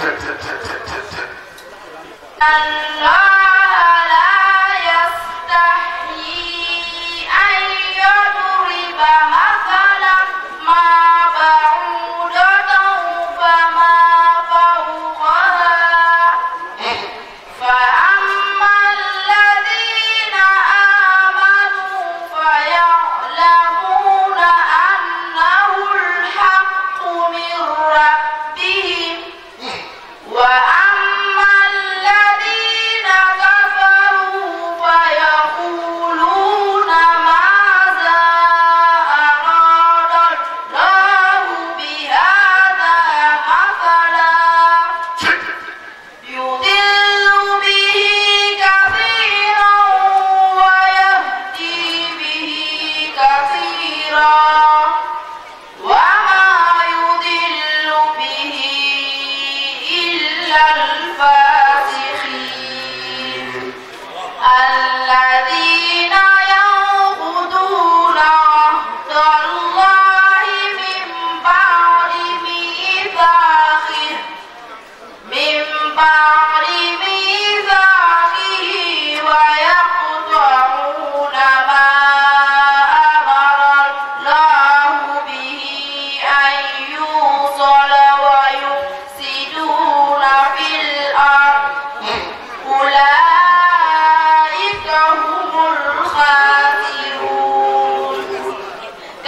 这这这这这这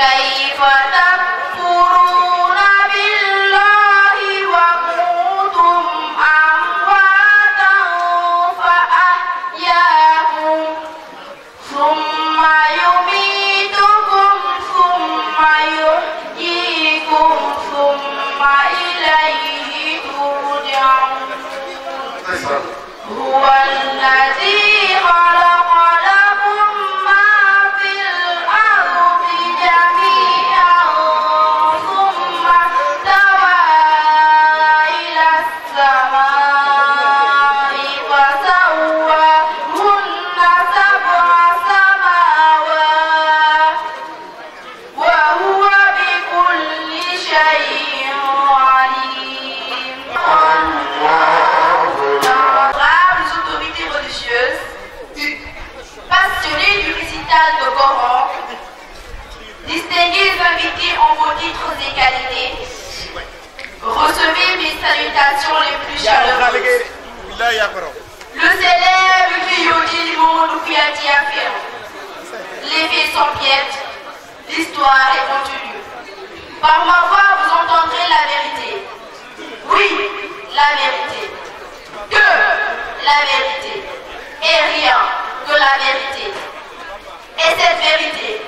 كيف تعلم des qualités, recevez mes salutations les plus chaleureuses. Le célèbre dit à affirme Levez sans piètre, l'histoire est continue. Par ma voix, vous entendrez la vérité. Oui, la vérité. Que la vérité. Et rien que la vérité. Et cette vérité,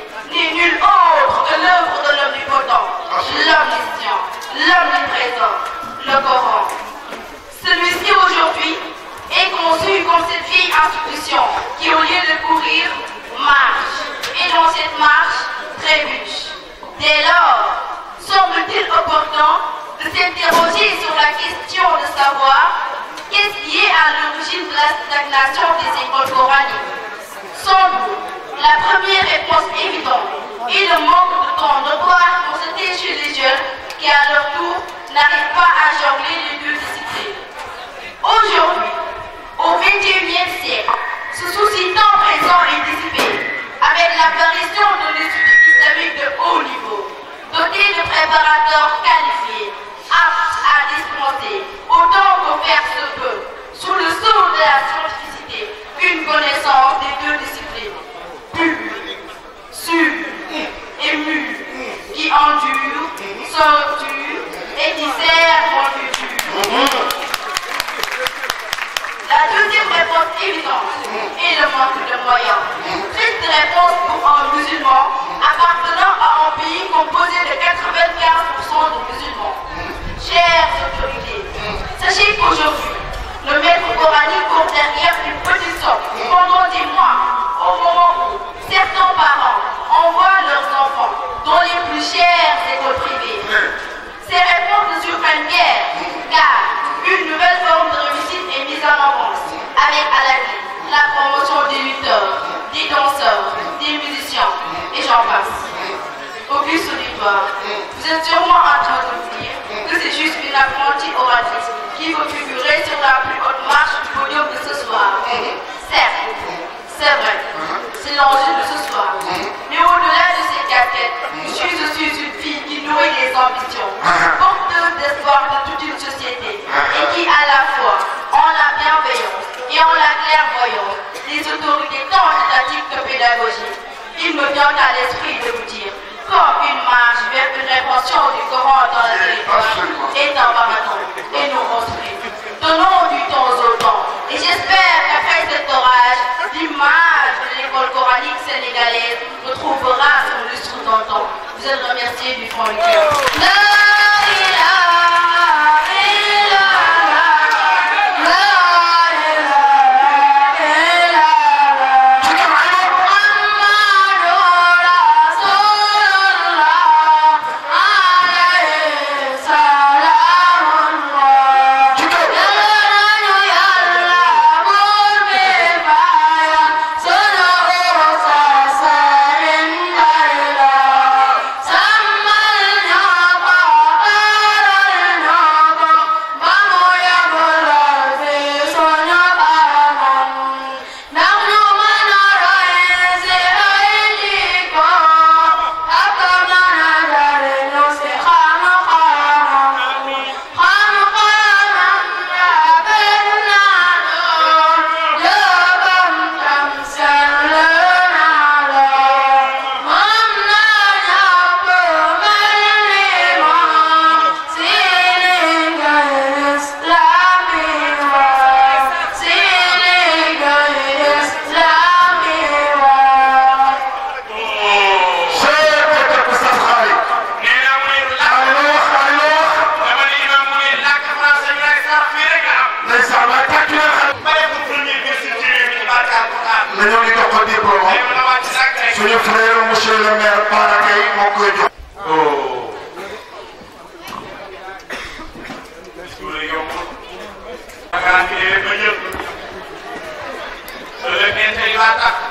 nul autre que l'œuvre de l'homme l'homme l'homme du présent, le Coran. Celui-ci aujourd'hui est conçu comme cette vieille institution qui, au lieu de courir, marche, et dans cette marche, trébuche. Dès lors, semble-t-il opportun de s'interroger sur la question de savoir qu'est-ce qui est à l'origine de la stagnation des écoles coraniques. Sans la première réponse évidente est le manque de temps de pouvoir se déchirer les jeunes qui, à leur tour, n'arrivent pas à jongler les deux disciplines. Aujourd'hui, au XXIe siècle, ce souci tant présent est dissipé avec l'apparition de l'étude islamique de haut niveau, doté de préparateurs qualifiés, aptes à dispenser autant qu'on faire se peut, sous le sceau de la scientificité, une connaissance des deux disciplines. mu, sur, ému, qui endure, se marche du podium de ce soir. Certes, c'est vrai, c'est l'enjeu de ce soir. Mais au-delà de ces caquettes, je suis une fille qui nourrit les ambitions, porteuse d'espoir de toute une société, et qui à la fois, en la bienveillance et en la clairvoyance, les autorités tant étatiques que pédagogiques, il me vient à l'esprit de vous dire, comme une marche vers une révention du Coran dans la territoire, est un marathon, et nous construit. Donnons du temps au temps. Et j'espère qu'après cet orage, l'image de l'école coranique sénégalaise retrouvera son lustre dans le temps. Vous êtes remerciés du fond du cœur. Fleiro Mochila Mero Paraguai Mocuedo. Oh. Escura eu. Agarrei, banheiro. Elemento aí lá, tá?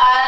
Uh,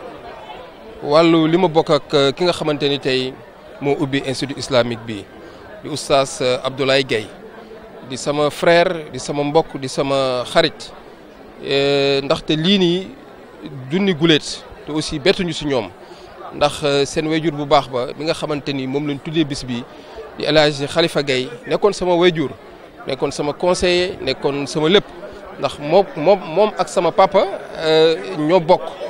wàllu li ma bokk ak euh, ki nga xamante ni tey moo ubbi institut islamique bi di oustaz euh, Abdoulaye Guèye di sama frère di sama mbokk di sama xarit euh, ndaxte lii nii dunni guléet te aussi bettuñu si ñoom ndax seen wejur bu baax ba bi nga xamante ni moom lañu tuddee bis bi di El Hadj Khalifa Guèye nekkoon sama wayjur nekkoon sama conseiller nekkoon sama lépp ndax moom moom ak sama papa ñoo bokk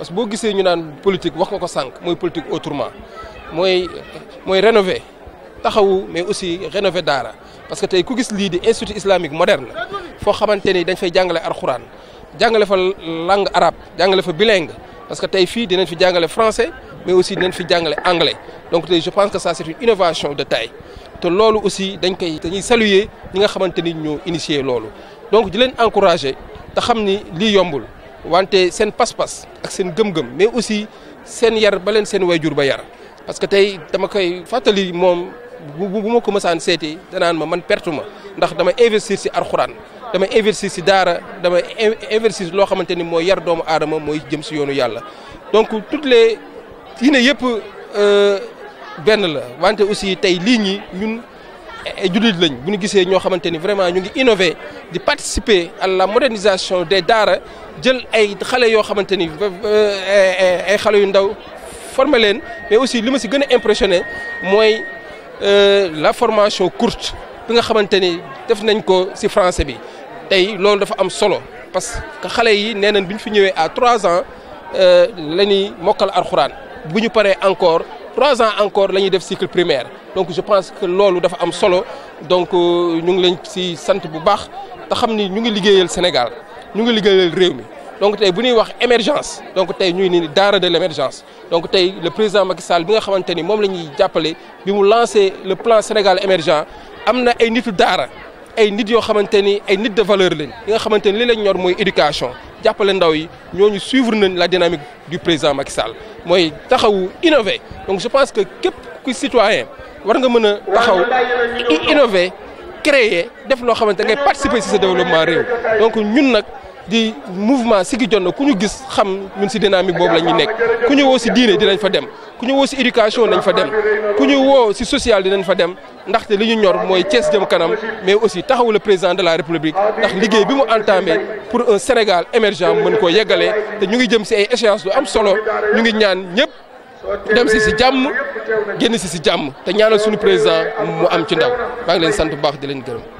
parce que si vous ñu une politique wax nga une politique politique autrement mooy mooy rénover taxawu mais aussi rénover d'ara. parce que vous ku gis lii institut islamique moderne Il faut que vous fay jàngale alxuraan jàngale fa langue arabe jàngale fa bilingue parce que vous avez dinañ fi français mais aussi dinañ fi anglais donc je pense que ça c'est une innovation de taille te lolu aussi dañ koy avez saluer ñi nga xamante une initier lolo. donc je leen encourager te xam ni lii wante sen pas-pas ak sen gëm-gëm mais aussi sen yar balen sen wayjur ba yar parce que tay dama koy fatali mom buma ma ko mësaan seeti danaan ma man pertuma ma ndax dama investir ci alcorane dama investir ci dara dama investir lo xamanteni moy yar doomu adama moy jëm ci yoonu yalla donc toutes les diine euh benn la wante aussi tay li ñi ñun ay jullit lañ bu ñu gisee ñoo xamante vraiment ñu ngi innover di participer à la modernisation des daara jël ay xale yoo xamante ni euh, euh, ay xale yu ndaw former leen mais aussi li ma si impressionné mooy euh, la formation courte bi nga xamante ni def nañ ko si français bi tey loolu dafa am solo parce que xale yi nee nañ bi ñu fi ñëwee à trois ans la ñuy mokkal alxuraan bu ñu paree encore trois ans encore lañuy def cycle primaire donc je pense que loolu dafa am solo donc euh, ñu ngi leen ci sant bu baax te xam ni ñu ngi liggéeyal Sénégal ñu ngi liggéeyal réew mi donc tey bu ñuy wax émergence donc tey ñuy ni daara de l' émergence donc tey le président Macky Sall bi nga xamante ni moom la ñuy jàppale bi mu lancé le plan Sénégal émergent am na ay nitu daara ay nit yoo xamante ni ay nit de valeur lañ yi nga xamante ni li lañ ñor mooy éducation jàppale ndaw yi ñu suivre nañ la dynamique du président Macky Sall mooy taxawu innover donc je pense que képp ku citoyen war nga mën a taxaw innover créer def loo xamante ngay participer ci sa développement réew donc ñun nag. di mouvement Siggi Jotna ku ñu gis xam ñun si dynamique boobu la ñuy nekk ku ñu woo si diine dinañ fa dem ku ñu woo si éducation nañ fa dem ku ñu woo si social dinañ fa dem ndaxte li ñu ñor mooy Thiès jëm kanam mais aussi taxawu la président de la République ndax liggéey bi mu entamé pour un Sénégal émergent mën koo yeggalee te ñu ngi jëm si ay échéances lu am solo ñu ngi ñaan ñëpp. dem si si jàmm génn si si jàmm te ñaanal suñu président mu am ci ndaw maa ngi leen sant bu baax di leen gërëm.